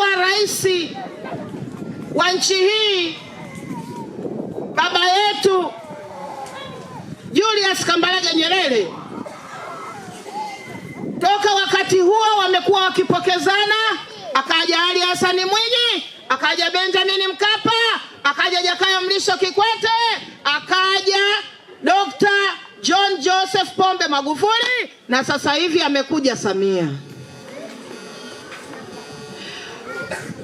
kuwa rais wa nchi hii baba yetu Julius Kambarage Nyerere. Toka wakati huo wamekuwa wakipokezana, akaja Ali Hasani Mwinyi, akaja Benjamin Mkapa, akaja Jakaya Mrisho Kikwete, akaja Dr. John Joseph Pombe Magufuli na sasa hivi amekuja Samia.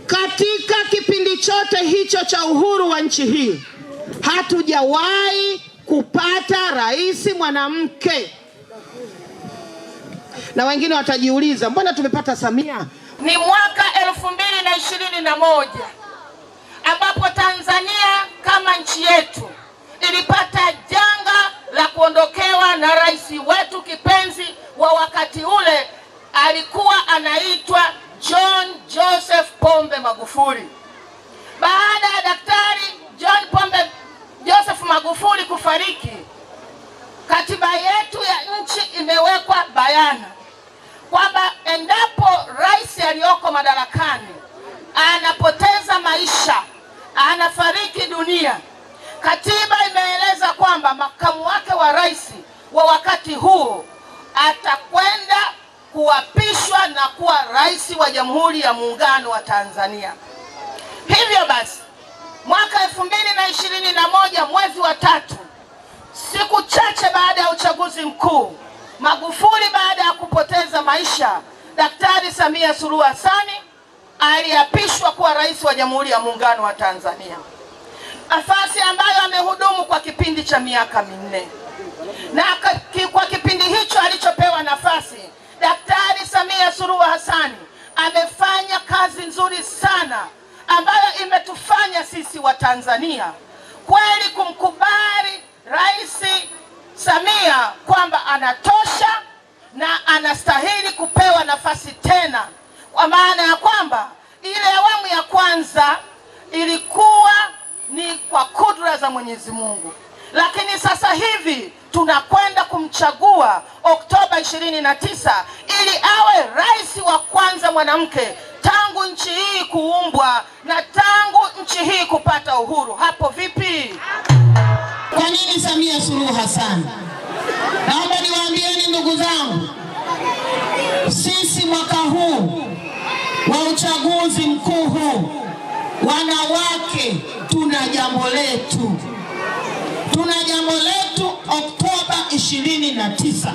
Katika kipindi chote hicho cha uhuru wa nchi hii hatujawahi kupata rais mwanamke. Na wengine watajiuliza mbona tumepata Samia? Ni mwaka elfu mbili na ishirini na moja ambapo Tanzania kama nchi yetu ilipata janga la kuondokewa na rais wetu kipenzi wa wakati ule, alikuwa anaitwa John Joseph Pombe Magufuli. Baada ya Daktari John Pombe Joseph Magufuli kufariki, katiba yetu ya nchi imewekwa bayana kwamba endapo rais aliyoko madarakani anapoteza maisha, anafariki dunia, katiba imeeleza kwamba makamu wake wa rais wa wakati huo atakwenda kuapishwa na kuwa rais wa Jamhuri ya Muungano wa Tanzania. Hivyo basi, mwaka elfu mbili na ishirini na moja mwezi wa tatu, siku chache baada ya uchaguzi mkuu, Magufuli baada ya kupoteza maisha, Daktari Samia Suluhu Hassan aliapishwa kuwa rais wa Jamhuri ya Muungano wa Tanzania, nafasi ambayo amehudumu kwa kipindi cha miaka minne na kwa kipindi hicho alichopewa nafasi Daktari Samia Suluhu hasani amefanya kazi nzuri sana ambayo imetufanya sisi wa Tanzania kweli kumkubali Rais Samia kwamba anatosha na anastahili kupewa nafasi tena, kwa maana ya kwamba ile awamu ya kwanza ilikuwa ni kwa kudra za Mwenyezi Mungu lakini sasa hivi tunakwenda kumchagua Oktoba 29 ili awe rais wa kwanza mwanamke tangu nchi hii kuumbwa na tangu nchi hii kupata uhuru. Hapo vipi? Kwa nini Samia Suluhu Hassan? Naomba niwaambieni ndugu zangu, sisi mwaka huu wa uchaguzi mkuu huu wanawake tuna jambo letu tuna jambo letu Oktoba 29.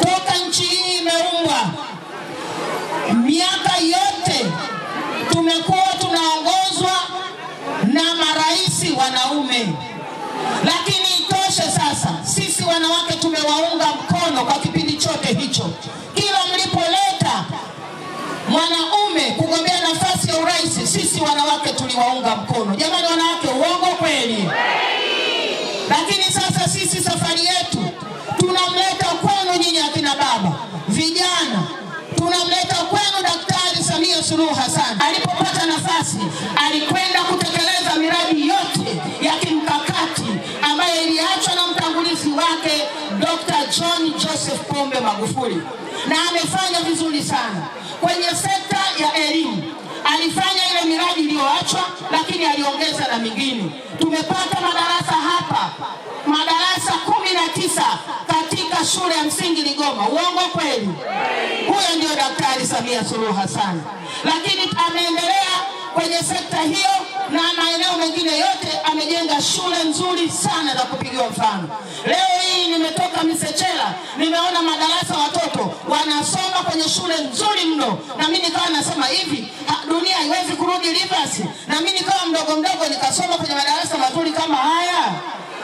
Toka nchi hii imeumbwa, miaka yote tumekuwa tunaongozwa na marais wanaume, lakini itoshe sasa. Sisi wanawake tumewaunga mkono kwa kipindi chote hicho, kila mlipoleta mwanaume kugombea nafasi ya urais, sisi wanawake tuliwaunga mkono. Jamani wanawake sisi safari yetu tunamleta kwenu nyinyi akina baba vijana, tunamleta kwenu Daktari Samia Suluhu Hassan. Alipopata nafasi, alikwenda kutekeleza miradi yote ya kimkakati ambayo iliachwa na mtangulizi wake Dr. John Joseph Pombe Magufuli, na amefanya vizuri sana kwenye sekta ya elimu alifanya ile miradi iliyoachwa, lakini aliongeza na mingine. Tumepata madarasa hapa, madarasa kumi na tisa katika shule ya msingi Ligoma. Uongo kweli? Huyo ndio Daktari Samia Suluhu Hassan, lakini ameendelea kwenye sekta hiyo na maeneo mengine yote shule nzuri sana za kupigiwa mfano. Leo hii nimetoka Misechela, nimeona madarasa watoto wanasoma kwenye shule nzuri mno, na mimi nikawa nasema hivi dunia haiwezi kurudi reverse, na mimi nikawa mdogo mdogo nikasoma kwenye madarasa mazuri kama haya.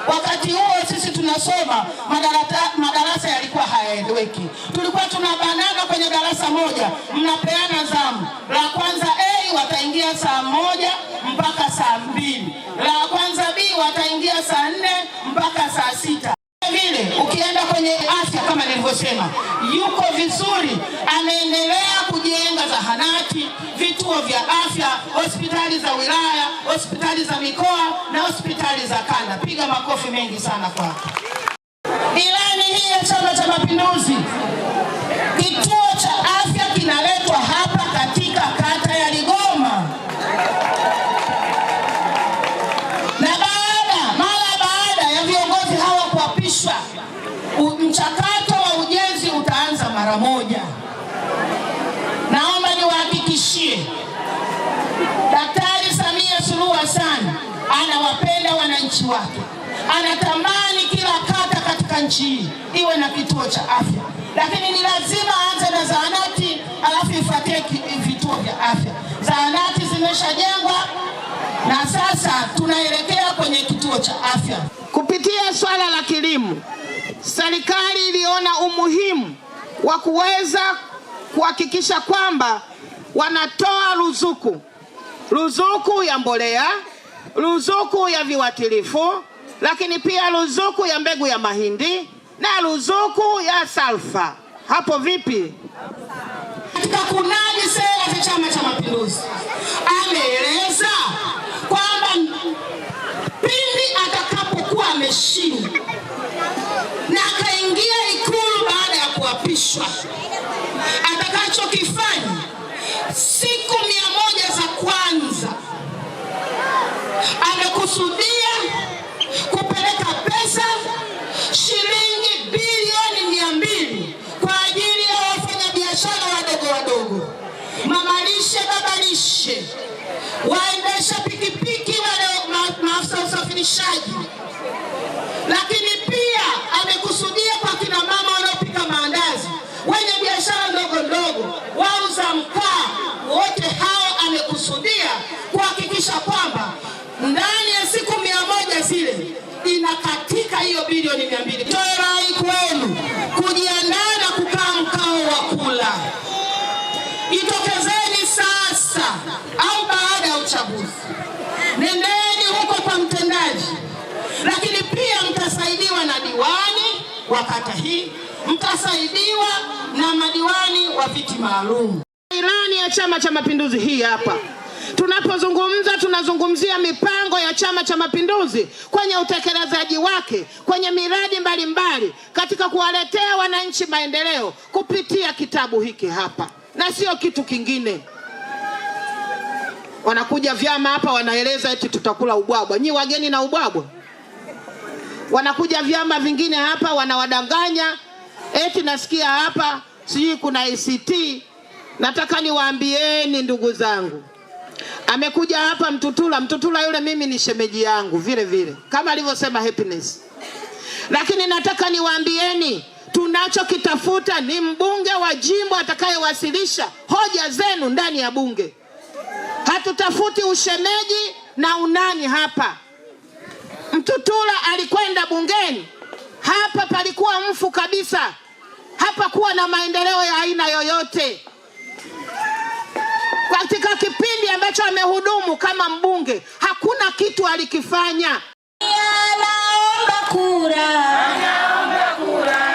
Wakati huo sisi tunasoma madarasa, madarasa yalikuwa hayaeleweki. Tulikuwa tunabanana kwenye darasa moja, mnapeana zamu, la kwanza A wataingia saa moja mpaka saa mbili, la kwanza B wataingia saa nne mpaka saa sita. Vile ukienda kwenye afya, kama nilivyosema, yuko vizuri, anaendelea kujenga zahanati vituo vya afya, hospitali za wilaya, hospitali za mikoa na hospitali za kanda. Piga makofi mengi sana kwako. Kituo cha afya kinaletwa hapa katika kata ya Ligoma, na baada mara baada ya viongozi hawa kuapishwa, mchakato wa ujenzi utaanza mara moja. Naomba niwahakikishie Daktari Samia Suluhu Hassan anawapenda wananchi wake, anatamani kila kata katika nchi hii iwe na kituo cha afya lakini ni lazima aanze na zahanati, alafu ifuatie vituo vya afya. Zahanati zimeshajengwa na sasa tunaelekea kwenye kituo cha afya. Kupitia swala la kilimo, serikali iliona umuhimu wa kuweza kuhakikisha kwamba wanatoa ruzuku, ruzuku ya mbolea, ruzuku ya viwatilifu lakini pia ruzuku ya mbegu ya mahindi na ruzuku ya salfa. Hapo vipi? Katika kunadi sera za Chama cha Mapinduzi ameeleza kwamba pindi atakapokuwa ameshinda na akaingia Ikulu baada ya kuapishwa atakachokifanya wa kata hii mtasaidiwa na madiwani wa viti maalum. Ilani ya Chama cha Mapinduzi hii hapa tunapozungumza tunazungumzia mipango ya Chama cha Mapinduzi kwenye utekelezaji wake kwenye miradi mbalimbali mbali, katika kuwaletea wananchi maendeleo kupitia kitabu hiki hapa na sio kitu kingine. Wanakuja vyama hapa wanaeleza eti tutakula ubwabwa. Nyi wageni na ubwabwa? Wanakuja vyama vingine hapa wanawadanganya, eti nasikia hapa sijui kuna ACT. Nataka niwaambieni ndugu zangu, amekuja hapa Mtutula. Mtutula yule mimi ni shemeji yangu vile vile, kama alivyosema Happiness, lakini nataka niwaambieni tunachokitafuta ni mbunge wa jimbo atakayewasilisha hoja zenu ndani ya bunge. Hatutafuti ushemeji na unani hapa. Mtutula alikwenda bungeni, hapa palikuwa mfu kabisa, hapa kuwa na maendeleo ya aina yoyote. Katika kipindi ambacho amehudumu kama mbunge, hakuna kitu alikifanya. Anaomba kura, anaomba kura.